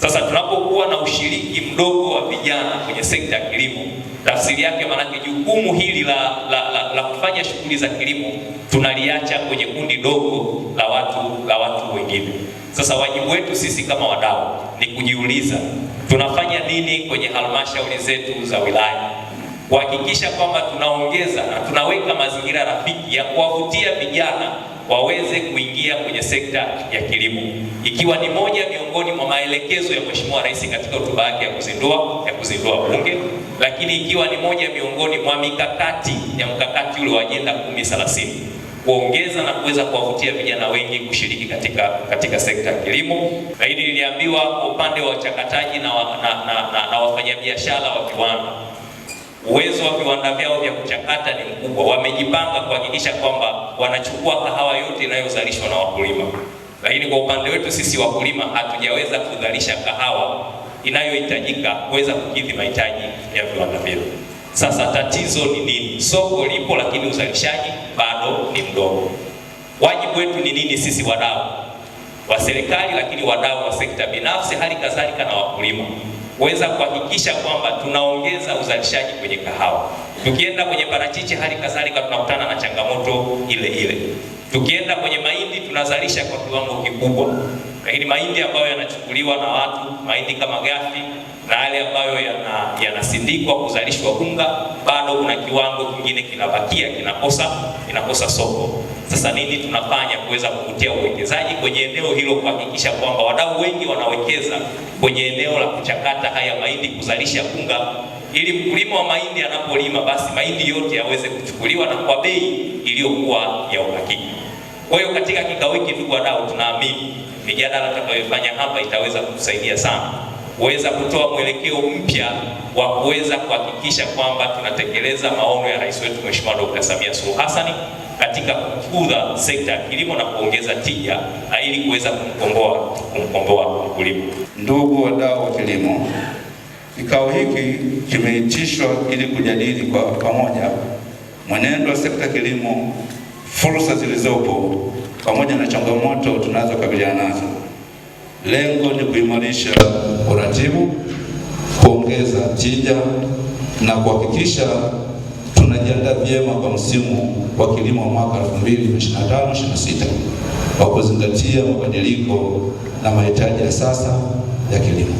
Sasa tunapokuwa na ushiriki mdogo wa vijana kwenye sekta ya kilimo, tafsiri yake maanake jukumu hili la, la, la, la kufanya shughuli za kilimo tunaliacha kwenye kundi dogo la watu la watu wengine. Sasa wajibu wetu sisi kama wadau ni kujiuliza tunafanya nini kwenye halmashauri zetu za wilaya kuhakikisha kwamba tunaongeza na tunaweka mazingira rafiki ya kuwavutia vijana waweze kuingia kwenye sekta ya kilimo, ikiwa ni moja miongoni mwa maelekezo ya Mheshimiwa Rais katika hotuba yake ya kuzindua ya kuzindua Bunge, lakini ikiwa ni moja miongoni mwa mikakati ya mkakati ule wa ajenda 30 kuongeza na kuweza kuwavutia vijana wengi kushiriki katika katika sekta ya kilimo. Lakini niliambiwa kwa upande wa wachakataji na, na, na, na, na wafanyabiashara wa viwanda uwezo wa viwanda vyao vya kuchakata ni mkubwa. Wamejipanga kuhakikisha kwamba wanachukua kahawa yote inayozalishwa na wakulima, lakini kwa upande wetu sisi wakulima hatujaweza kuzalisha kahawa inayohitajika kuweza kukidhi mahitaji ya viwanda vyetu. Sasa tatizo ni nini? Soko lipo, lakini uzalishaji bado ni mdogo. Wajibu wetu ni nini? Sisi wadau wa serikali, lakini wadau wa sekta binafsi, hali kadhalika na wakulima kuweza kuhakikisha kwamba tunaongeza uzalishaji kwenye kahawa. Tukienda kwenye parachichi, hali kadhalika tunakutana na changamoto ile ile. Tukienda kwenye mahindi tunazalisha kwa kiwango kikubwa, lakini mahindi ambayo yanachukuliwa na watu, mahindi kama ghafi na yale ambayo yanasindikwa yana kuzalishwa unga, bado kuna kiwango kingine kinabakia, kinakosa kinakosa soko. Sasa nini tunafanya kuweza kuvutia uwekezaji kwenye eneo hilo, kuhakikisha kwamba wadau wengi wanawekeza kwenye eneo la kuchakata haya mahindi, kuzalisha unga, ili mkulima wa mahindi anapolima, basi mahindi yote yaweze kuchukuliwa na kwa bei iliyokuwa ya uhakika. Kwa hiyo katika kikao hiki, ndugu wadau, tunaamini mijadala tutakayofanya hapa itaweza kutusaidia sana kuweza kutoa mwelekeo mpya wa kuweza kuhakikisha kwamba tunatekeleza maono ya rais wetu Mheshimiwa Dr. Samia Suluhu Hassan katika kukuza sekta ya kilimo na kuongeza tija na ili kuweza kumkomboa kumkomboa mkulima. Ndugu wadau wa kilimo, kikao hiki kimeitishwa ili kujadili kwa pamoja mwenendo wa sekta kilimo fursa zilizopo pamoja na changamoto tunazokabiliana nazo. Lengo ni kuimarisha uratibu, kuongeza tija na kuhakikisha tunajiandaa vyema kwa msimu wa kilimo wa mwaka 2025/26 kwa kuzingatia mabadiliko na mahitaji ya sasa ya kilimo.